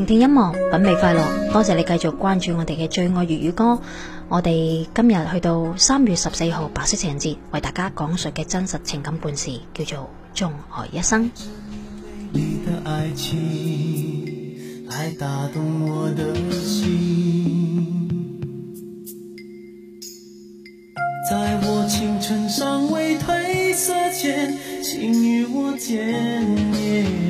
聆聽，聽音樂，品味快樂。多謝你繼續關注我哋嘅最愛粵語歌。我哋今日去到三月十四號白色情人節，為大家講述嘅真實情感故事，叫做《鐘愛一生》。你的愛情，來打動我的心。在我青春尚未褪色前，請與我見面。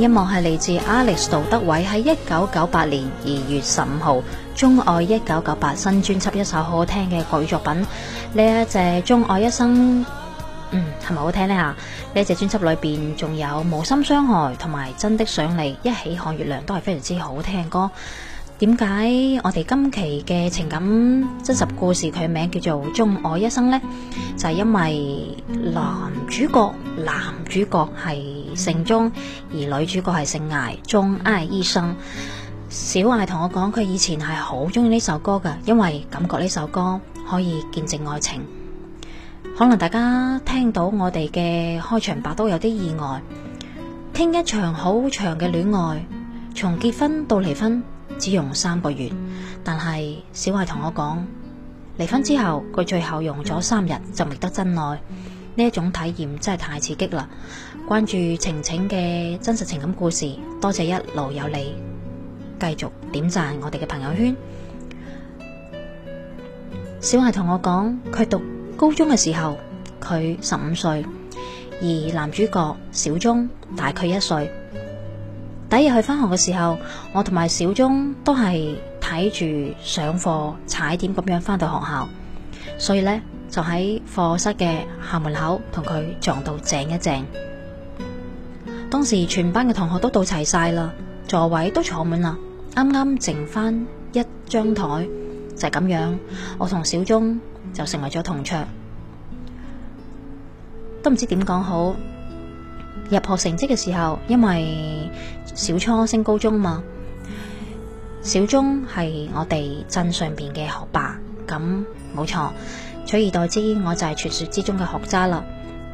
音樂係嚟自 Alex 杜德偉喺一九九八年二月十五號《鍾愛一九九八》新專輯一首好聽嘅粵語作品。呢一隻《鍾愛一生》，嗯，係咪好聽呢？吓，呢一隻專輯裏邊仲有《無心傷害》同埋《真的想你一起看月亮》，都係非常之好聽歌。點解我哋今期嘅情感真實故事佢名叫做《鍾愛一生》呢？就係、是、因為男主角男主角係姓鍾，而女主角係姓艾，鍾艾醫生小艾同我講佢以前係好中意呢首歌噶，因為感覺呢首歌可以見證愛情。可能大家聽到我哋嘅開場白都有啲意外，聽一場好長嘅戀愛，從結婚到離婚。只用三個月，但係小壞同我講，離婚之後佢最後用咗三日就覓得真愛，呢一種體驗真係太刺激啦！關注晴晴嘅真實情感故事，多謝一路有你，繼續點讚我哋嘅朋友圈。小壞同我講，佢讀高中嘅時候，佢十五歲，而男主角小鐘大佢一歲。第二日去翻學嘅時候，我同埋小鐘都係睇住上課踩點咁樣翻到學校，所以呢，就喺課室嘅校門口同佢撞到正一正。當時全班嘅同學都到齊晒啦，座位都坐滿啦，啱啱剩翻一張台就係咁樣，我同小鐘就成為咗同桌，都唔知點講好。入學成績嘅時候，因為小初升高中嘛，小中係我哋鎮上邊嘅學霸咁，冇錯取而代之，我就係傳說之中嘅學渣啦。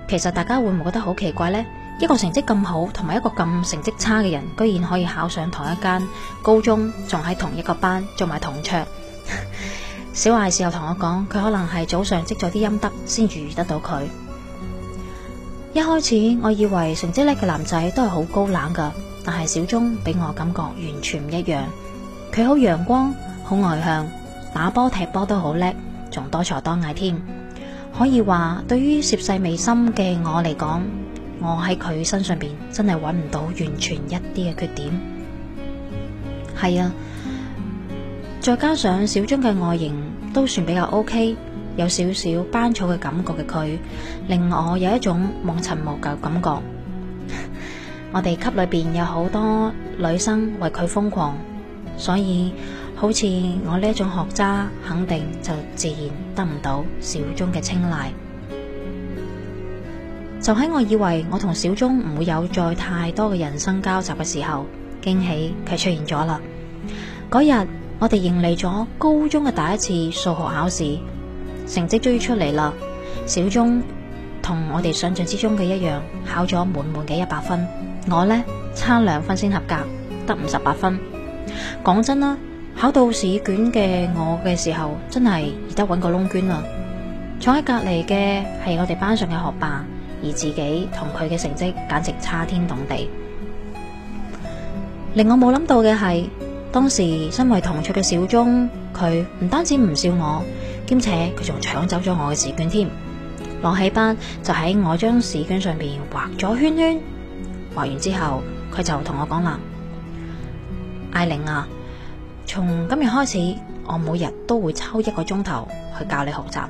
其實大家會唔會覺得好奇怪呢？一個成績咁好，同埋一個咁成績差嘅人，居然可以考上同一間高中，仲喺同一個班做埋同桌。 小艾嘅時候同我講，佢可能係早上積咗啲陰德先遇得到佢。一開始我以為成績叻嘅男仔都係好高冷噶。但係小鍾俾我感覺完全唔一樣，佢好陽光，好外向，打波踢波都好叻，仲多才多藝添。可以話對於涉世未深嘅我嚟講，我喺佢身上邊真係揾唔到完全一啲嘅缺點。係啊，再加上小鍾嘅外形都算比較 OK，有少少班草嘅感覺嘅佢，令我有一種望塵莫及感覺。我哋級裏邊有好多女生為佢瘋狂，所以好似我呢一種學渣，肯定就自然得唔到小鍾嘅青睞。就喺我以為我同小鍾唔會有再太多嘅人生交集嘅時候，驚喜卻出現咗啦。嗰日我哋迎嚟咗高中嘅第一次數學考試，成績終於出嚟啦。小鍾同我哋想象之中嘅一樣，考咗滿滿嘅一百分。我呢，差兩分先合格，得五十八分。講真啦，考到試卷嘅我嘅時候，真係易得搵個窿捐啦。坐喺隔籬嘅係我哋班上嘅學霸，而自己同佢嘅成績簡直差天動地。令我冇諗到嘅係，當時身為同桌嘅小鍾，佢唔單止唔笑我，兼且佢仲搶走咗我嘅試卷添。攞起班就喺我張試卷上邊畫咗圈圈。畫完之後，佢就同我講啦：艾玲啊，從今日開始，我每日都會抽一個鐘頭去教你學習。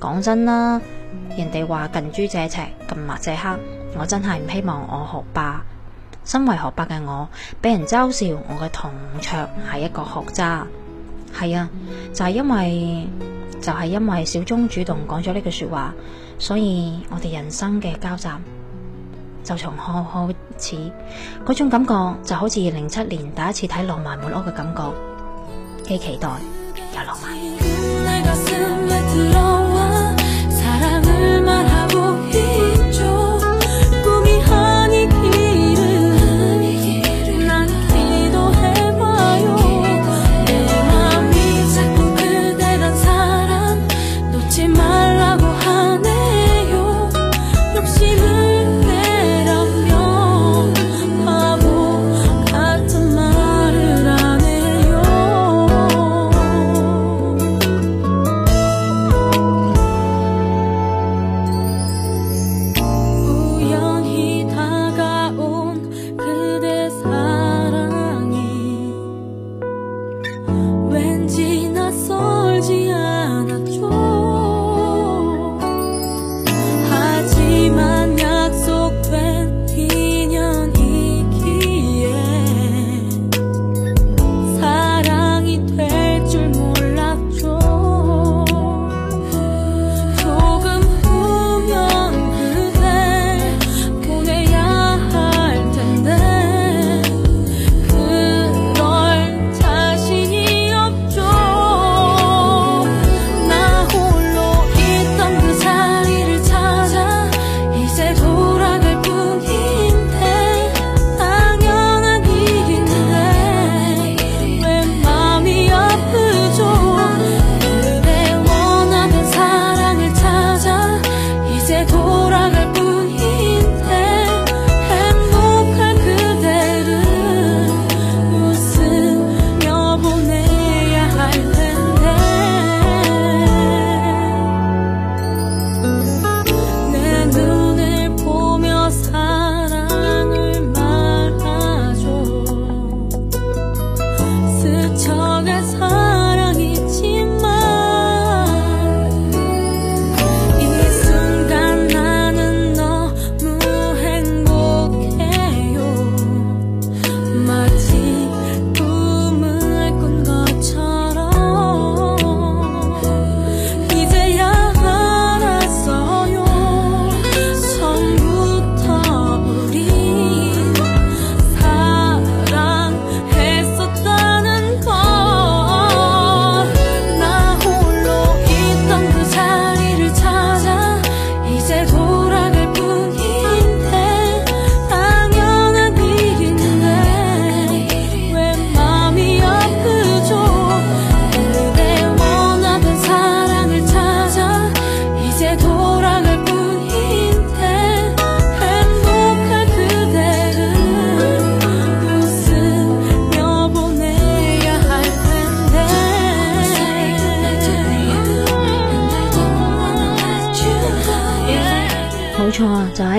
講真啦，人哋話近朱者赤，近墨者黑，我真係唔希望我學霸。身為學霸嘅我，俾人嘲笑我嘅同桌係一個學渣。係啊，就係因為就係因為小鍾主動講咗呢句說話，所以我哋人生嘅交集。就從開開始，嗰種感覺就好似二零零七年第一次睇《浪漫滿屋》嘅感覺，既期待又浪漫。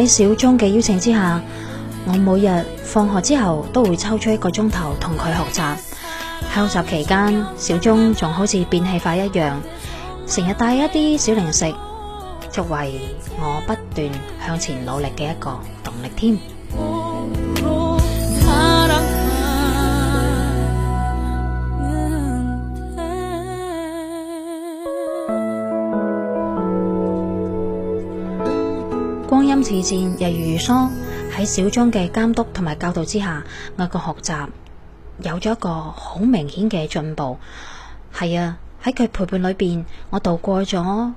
小鍾嘅邀請之下，我每日放學之後都會抽出一個鐘頭同佢學習。喺學習期間，小鍾仲好似變戲法一樣，成日帶一啲小零食，作為我不斷向前努力嘅一個動力添。自薦，日如梭。喺小鐘嘅監督同埋教導之下，我嘅學習有咗一個好明顯嘅進步。係啊，喺佢陪伴裏邊，我度過咗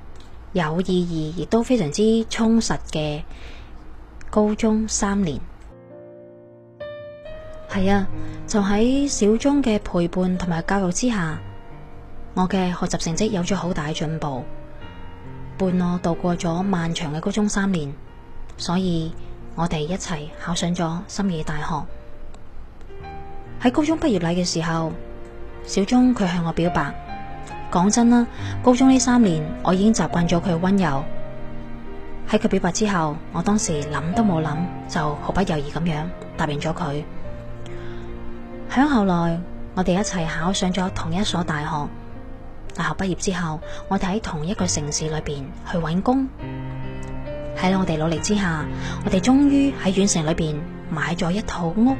有意義亦都非常之充實嘅高中三年。係啊，就喺小鐘嘅陪伴同埋教育之下，我嘅學習成績有咗好大嘅進步。伴我度過咗漫長嘅高中三年。所以我哋一齊考上咗心儀大學。喺高中畢業禮嘅時候，小鐘佢向我表白。講真啦，高中呢三年我已經習慣咗佢嘅温柔。喺佢表白之後，我當時諗都冇諗，就毫不猶豫咁樣答應咗佢。響後來，我哋一齊考上咗同一所大學。大學畢業之後，我哋喺同一個城市裏邊去搵工。喺我哋努力之下，我哋終於喺縣城裏邊買咗一套屋，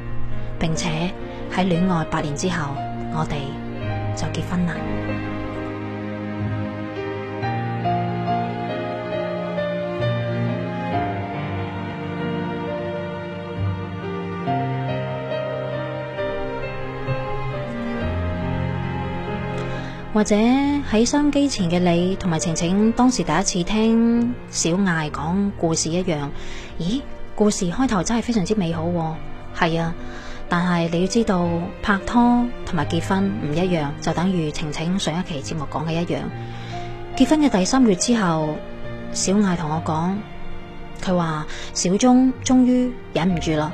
並且喺戀愛八年之後，我哋就結婚啦。或者。喺相機前嘅你同埋晴晴，當時第一次聽小艾講故事一樣。咦，故事開頭真係非常之美好，啊。係啊，但係你要知道，拍拖同埋結婚唔一樣，就等於晴晴上一期節目講嘅一樣。結婚嘅第三月之後，小艾同我講，佢話小鍾終於忍唔住啦，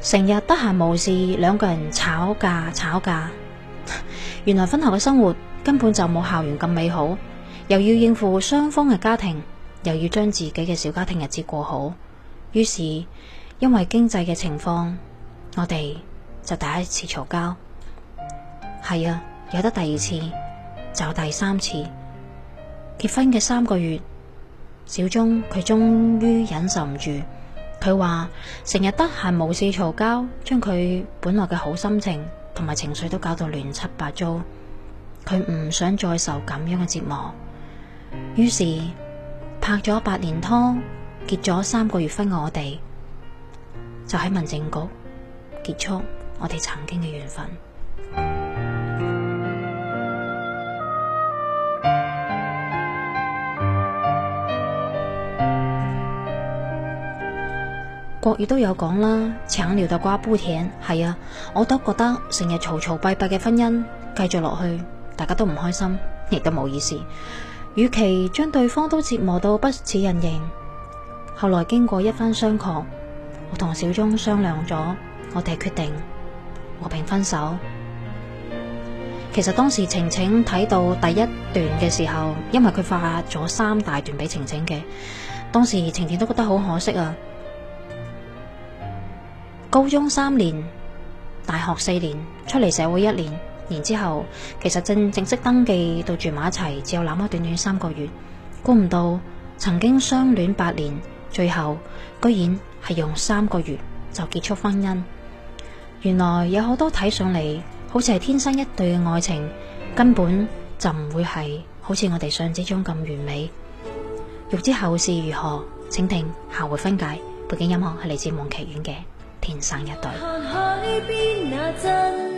成日得閒無事，兩個人吵架吵架。原來婚後嘅生活。根本就冇校園咁美好，又要應付雙方嘅家庭，又要將自己嘅小家庭日子過好。於是，因為經濟嘅情況，我哋就第一次嘈交。係啊，有得第二次，就第三次。結婚嘅三個月，小鍾佢終於忍受唔住。佢話成日得閒冇事嘈交，將佢本來嘅好心情同埋情緒都搞到亂七八糟。佢唔想再受咁樣嘅折磨，於是拍咗八年拖，結咗三個月婚，我哋就喺民政局結束我哋曾經嘅緣分。國語都有講啦，強扭的瓜不甜，係啊，我都覺得成日嘈嘈閉閉嘅婚姻繼續落去。大家都唔開心，亦都冇意思。與其將對方都折磨到不似人形，後來經過一番商榷，我同小鍾商量咗，我哋決定和平分手。其實當時晴晴睇到第一段嘅時候，因為佢發咗三大段俾晴晴嘅，當時晴晴都覺得好可惜啊！高中三年，大學四年，出嚟社會一年。然之後，其實正正式登記到住埋一齊，只有那麼短短三個月。估唔到，曾經相戀八年，最後居然係用三個月就結束婚姻。原來有好多睇上嚟好似係天生一對嘅愛情，根本就唔會係好似我哋相之中咁完美。欲知後事如何，請聽下回分解。背景音樂係嚟自夢劇院嘅《天生一對。》